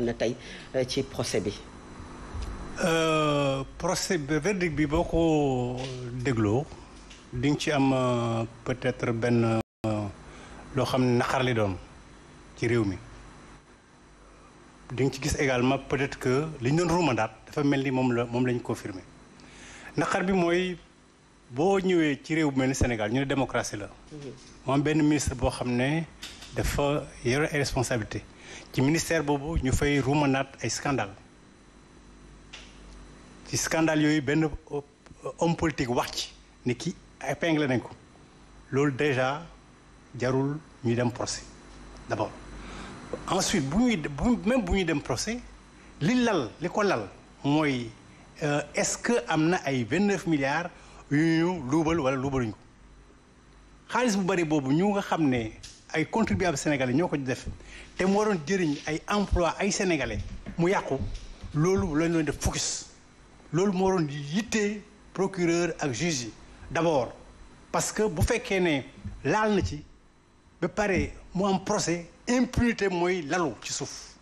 am na tey euh, ci procès bi. Euh, procès bi verdict bi boo koo dégloo di nga ci am euh, peut-être benn loo xam ne naqar li doon ci réew mi di nga ci gis également peut-être que li ñu doon ruumandaat dafa mel ni moom la moom la ñu confirmé naqar bi mooy boo ñëwee ci réew bu mel ni Sénégal ñu ne démocratie la. moom benn ministre boo xam ne. dafa yore ay responsabilité ci ministère boobu ñu fay ruumanaat ay scandale ci scandale yooyu benn euh, homme politique wax ci ne ki épinglé nañ ko loolu déjà jarul ñuy dem procès d'abord ensuite bu ñuy même bu ñuy dem procès li lal li ko lal mooy euh, est-ce que am na ay vingt-neuf milliards yu ñu luubal wala luubaluñ ko xaalis bu bari boobu ñu nga xam ne ay contribuables sénégalais ñoo ko def te mu waroon jëriñ ay emploi ay sénégalais mu yàqu loolu lañ doon def focus loolu moo waroon yitte procureur ak juge yi d'abord parce que bu fekkee ne laal na ci ba pare mu am procès impunité mooy lalu ci suuf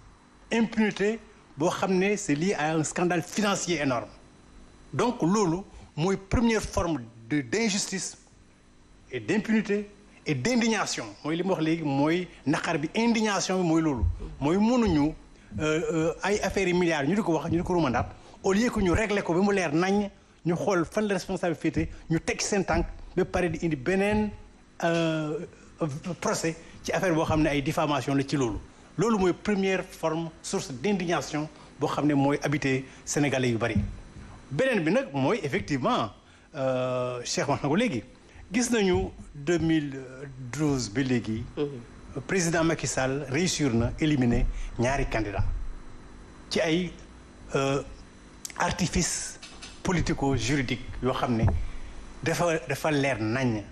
impunité boo xam ne c'est lié à un scandale financier énorme donc loolu mooy première forme de d'injustice et d'impunité et d'indignation mooy li mu wax léegi mooy naqar bi indignation bi mooy loolu mooy mënuñu euh, euh, ay affaires yi milliards ñu di ko wax ñu di ko rumandaat au lieu que ñu régler ko ba mu leer nañ ñu xool fan la responsabilité ñu teg seen tànk ba pare di indi beneen euh, procès ci affaire boo xam ne ay diffamation la ci loolu loolu mooy première forme source d'indignation boo xam ne mooy habité sénégalais yu bari beneen bi nag mooy effectivement Cheikh wax na ko léegi gis nañu mille 2012 bi léegi. Mhm. président Macky Sall réussir na éliminer ñaari candidat ci ay euh, artifice politico juridique yoo xam ne dafa dafa leer nañ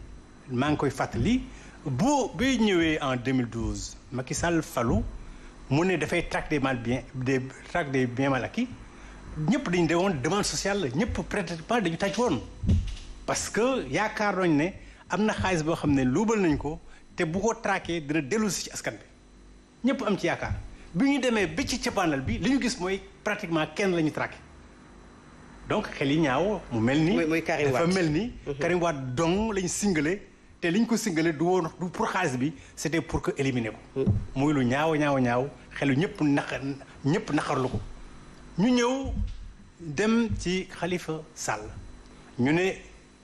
maa ngi koy fàttali boo bay ñëwee en deux 2012 Macky Sall falu mu ne dafay traque mal bien des traque des biens mal acquis ñëpp dañ de woon demande sociale la ñëpp pratiquement dañu tàj woon parce que yaakaar nañ ne am na xaalis boo xam ne luubal nañ ko te bu ko traqué dina dellusi ci askan bi ñëpp am ci yaakaar bi ñu demee ba ci cappaandal bi li ñu gis mooy pratiquement kenn la ñu traqué donc xel yi ñaaw mu mel ni dafa mel ni mhm. Karim Wade dong lañ singale te liñ ko singale du woon du pour xaalis bi c'était pour que éliminer ko mhm. muy lu ñaaw ñaaw ñaaw xelu ñëpp naqar ñëpp naqarlu ko ñu ñëw dem ci xalifa Sall ñu ne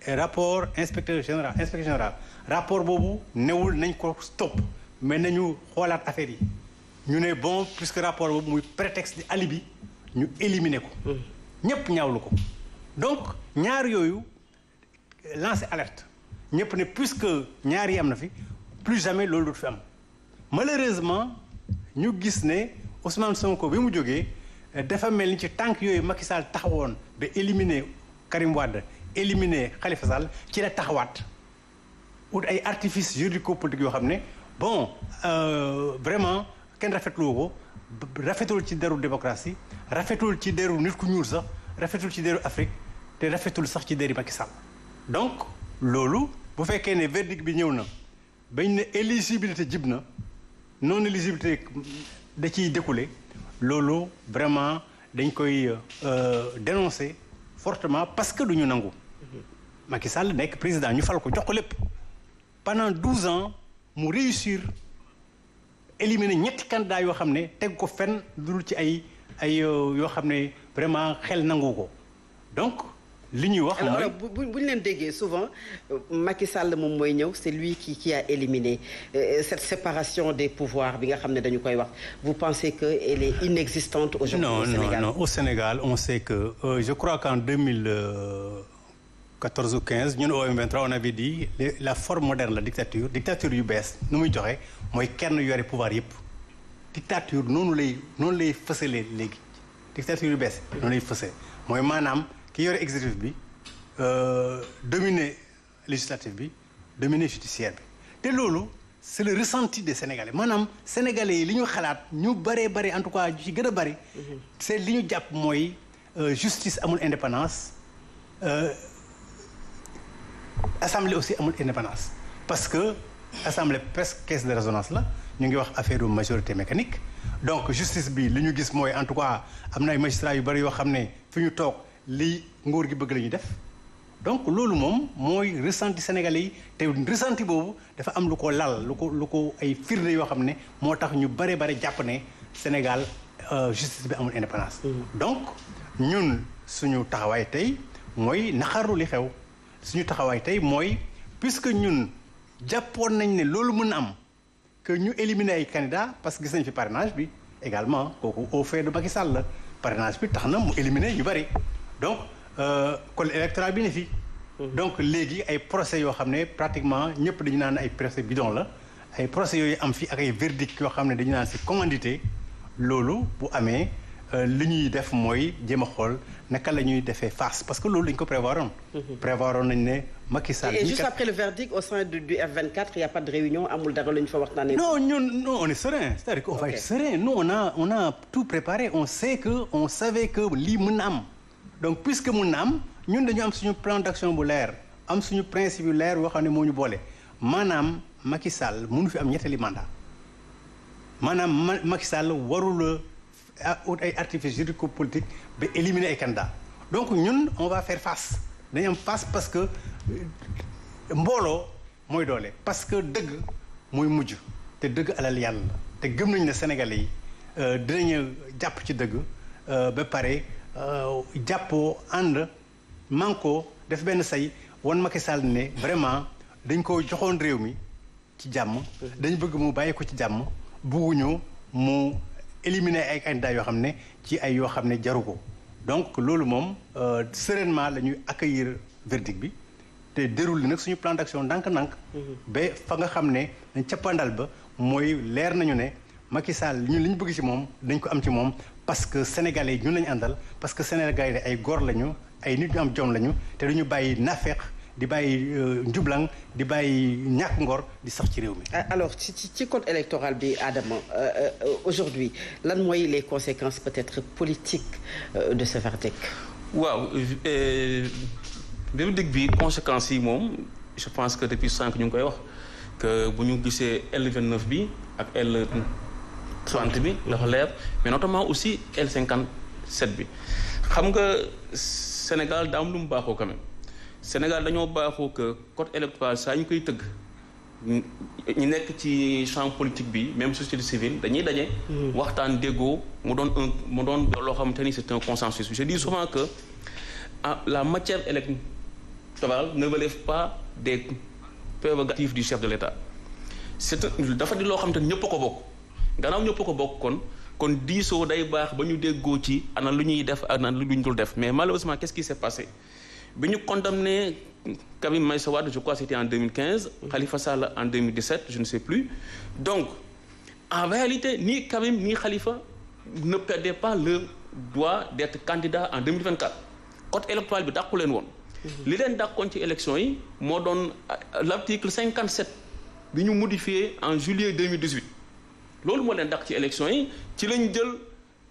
rapport inspecteur général inspecteur général rapport boobu newul nañ ko stop mais nañu xoolaat affaire yi ñu ne bon puisque rapport boobu muy prétexte di alibi ñu éliminer ko mm. ñépp ñaawlu ko donc ñaar yooyu lancer alerte ñépp ne puisque ñaar yi am na fi plus jamais loolu dootu fi am malheureusement ñu gis ne Ousmane Sonko bi mu jógee dafa mel ni ci tànk yooyu Macky Sall woon ba éliminer Karim Wade éliminé Khalifa Sall ci la taxawaat ut ay artifices juridico-politiques yoo xam ne bon euh, vraiment kenn rafetlu ko rafetul ci deru démocratie rafetul ci deru nit ku ñuul sax rafetul ci deru Afrique te rafetul sax ci deri Macky Sall donc loolu bu fekkee ne verdict bi ñëw na bañ ne éligibilité jib na non éligibilité da ciy découlé loolu vraiment dañ koy euh, dénoncer fortement parce que du ñu nangu Macky Sall nekk président ñu fal ko jox ko lépp pendant ans mu réussir éliminer ñetti candidats yoo xam ne teg ko fenn dul ci ay ay euh, yoo xam ne vraiment xel nangu ko donc li ñuy wax mooy alors bu ñu leen déggee souvent Macky Sall moom mooy ñëw c'est lui qui qui a éliminé euh, cette séparation des pouvoirs bi nga xam ne dañu koy wax vous pensez que elle est inexistante aujourd'hui au Sénégal au Sénégal on sait que euh, je crois qu'en 2000. Euh, 14 ou ñun au M23 on avait dit la forme moderne la dictature dictature yu bees nu muy joxe mooy kenn yore pouvoir yëpp dictature noonu lay noonu lay fësalee léegi dictature yu bees noonu lay fësale mooy maanaam ki yore exécutif bi euh, dominer législatif bi dominer judiciaire bi te loolu c'est le ressenti de sénégalais maanaam sénégalais yi li ñu xalaat ñu bëree bëri en tout cas ci gën a bëri mhm. c'est li ñu jàpp mooy euh, justice amul indépendance euh, assemblée aussi amul indépendance parce que assemblée presque caisse de résonance la ñu ngi wax affaire majorité mécanique donc justice bi li ñu gis mooy en tout cas am na ay magistrats yu bëri yoo xam ne fi ñu toog lii nguur gi bëgg la def donc loolu moom mooy ressenti sénégal yi te ressenti boobu dafa am lu ko lal lu ko lu ko ay firnde yoo xam ne moo tax ñu bare bare jàpp ne Sénégal euh, justice bi amul indépendance mm. donc ñun suñu taxawaay tey mooy naxaru li xew suñu taxawaay tey mooy puisque ñun jàppoon nañ ne loolu mën na am que ñu éliminer ay candidats parce que gis nañ fi parrainage bi également kooku au fait de Macky Sall la parrainage bi tax na mu éliminer yu bëri donc euh, col électoral bi ne fi. Mm-hmm. donc léegi ay procès yoo xam ne pratiquement ñëpp dañu naan ay procès bidon la ay procès yooyu am fi ak ay verdict yoo xam ne dañu naan si commandité loolu bu amee. Euh, li ñuy def mooy jéem a xool naka la ñuy defee face parce que loolu la ko prévoir woon. Mhm. prévoir woon nañu ne Macky Sall. et juste après le verdict a pas de réunion amul dara la ñu fa waxtaanee. non ñun non on est serein c'est-à-dire qu'on tout préparé on sait que on savait que lii mën na am donc puisque mun na am ñun dañu am suñu plan d'action bu leer am suñu principe bu leer boo xam ne moo ñu boole maanaam Macky Sall mënu fi am ñettali mandat maanaam Macky Sall ut ay artifices juridico-politiques ba éliminer ay donc ñun on va faire face dañu am face parce que euh, mbooloo mooy doole parce que dëgg muy mujj te dëgg alal yàlla te gëm nañu ne Sénégalais yi euh, dinañu jàpp ci dëgg euh, ba pare jàppoo ànd mànkoo def benn say wan Macky ne vraiment dañ ko joxoon réew mi ci jàmm dañ bëgg mu bàyyi ko ci jàmm bëgguñu mu éliminer ay candidats yoo xam ne ci ay yoo xam ne jaru ko donc loolu moom euh, sereinement la ñuy accueillir verdict bi te déroule nag suñu plan d'action ndànk-ndànk. Mm-hmm. ba fa nga xam ne dañ cappaandal ba mooy leer nañu ne Macky Sall ñun li ñu bëgg ci moom dañ ko am ci moom parce que sénégalais ñun lañu àndal parce que sénégalais ay góor lañu ay nit ñu am jom lañu te duñu bàyyi nafeq di bàyyi euh, njublang di bàyyi ñàkk ngor di sax ci réew mi. Ah, alors ci ci code électoral bi Adama euh, euh, aujourd'hui lan mooy les conséquences peut-être politiques de ce verdict. waaw verdict bi conséquences yi moom je pense que depuis cinq ñu ngi koy wax que bu ñu gisee L vingt bi ak L bi dafa leer mais notamment aussi L cinquante sept bi xam nga Sénégal daam lu mu baaxoo quand même. Sénégal dañoo baaxoo que code électoral saa ñu koy tëgg ñu nekk ci champ politique bi même société civile dañuy daje. Hmm. waxtaan déggoo mu doon un mu doon loo xamante ni c'est un consensus je dis souvent que ah, la matière électorale ne relève pas des prérogatives du chef de l'État c'est dafa di loo xamante ni ñëpp ko bokk gannaaw ñëpp ko bokk kon kon diisoo day baax ba ñu déggoo ci ana lu ñuy def na lu ñu dul def mais malheureusement quest qui s'est passé. bi ñu condamné Karim Meïssa Wade je crois c'était en 2015 Khalifa Sall en 2017 je ne sais plus donc en réalité ni Karim ni Khalifa ne perdaient par leur droit d'être candidat en 2024 code électoral bi dàqu leen woon mhm. li leen dàqoon ci élection yi moo doon euh, l'article 57 bi ñu modifié en juillet 2018 loolu moo leen dàq ci élection yi ci lañ jël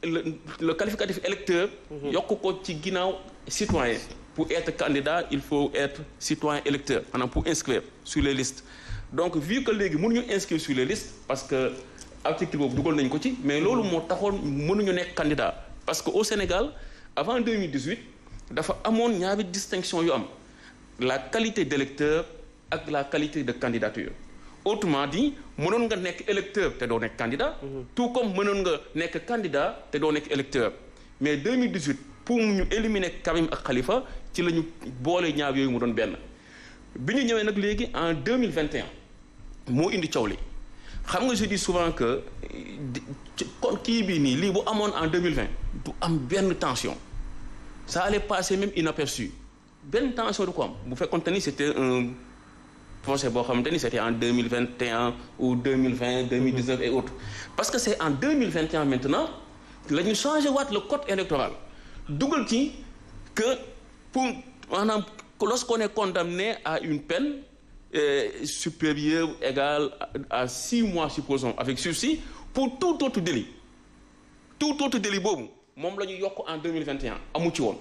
le qualificatif électeur mhm. yokk ko ci ginnaaw citoyen pour être candidat il faut être citoyen électeur maanaam pour inscrire sur les listes donc vu que léegi mënuñu inscrire sur les listes parce que article boobu dugal nañu ko ci mais loolu moo taxoon mënuñu nekk candidat parce que au Sénégal avant 2018 dafa amoon ñaari distinction yu am la qualité d'électeur ak la qualité de candidature autrement dit mënoon nga nekk électeur te doo nekk candidat mhm. tout comme mënoon nga nekk candidat te doo nekk électeur mais 2018 pour ñu éliminer Karim ak Khalifa ci la boole boolee ñaaw yooyu mu doon benn bi ñu ñëwee nag léegi en deux mille vingt et moo indi coow li xam nga je souvent que kon kii bii nii lii bu amoon en deux mille vingt du am benn tension ça allait passer même inaperçu benn tension du ko am bu fekkoon te ni c'était un procès boo xamante ni c'était en deux mille vingt et un deux mille vingt deux mille dix neuf et autres parce que c'est en deux mille vingt et un maintenant la ñu changé waat le code électoral dugal ci que. pour maanaam lorsqu'on est condamné à une peine eh, supérieure égale à, à six mois supposons avec sursis pour tout autre délit tout autre délit boobu moom la ñu yokk en 2021 amu ci woon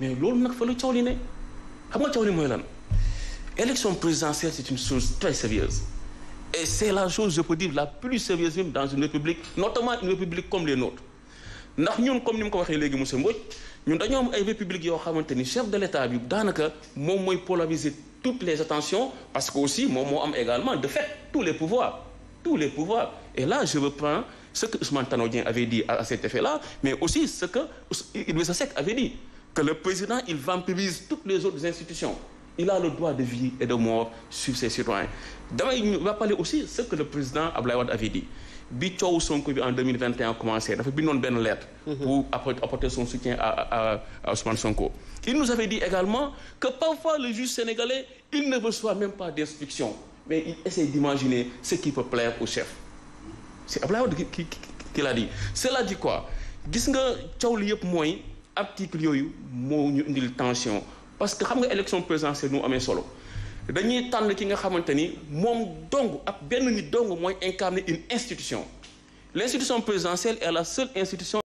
mais loolu nag fa la coow li xam nga coow li mooy lan élection présidentielle c'est une chose très sérieuse et c'est la chose je peux dire la plus sérieuse même dans une république notamment une république comme les nôtres ndax ñun comme ni mu ko waxee léegi monsieur Mbodj ñun dañoo am ay république yoo xamante ni chef de l'état bi daanaka moom mooy polariser toutes les attentions parce que aussi moom moo am également de fait tous les pouvoirs tous les pouvoirs et là je reprends ce que Ousmane Tanor avait dit à cet effet-là mais aussi ce que Idrissa Seck avait dit que le président il vampirise toutes les autres institutions il a le droit de vie et de mort sur ses aussi ce que président Abdoulaye Wade avait bi coow Sonko bi en 2021 commencé dafa bindoon benn lettre. Mhm. pour apporter son soutien à à à Ousmane Sonko. il nous avait dit également que parfois le juge sénégalais il ne reçoit même pas d'instruction mais il essaie d'imaginer ce qui peut plaire au chef. c'est l'a dit quoi gis nga coow li yëpp mooy article yooyu moo ñu indil tension parce que xam nga élection présidentielle nu amee solo. dañuy tànn ki nga xamante ni moom dong ak benn nit dong mooy incarner une institution l'institution présidentielle est la seule institution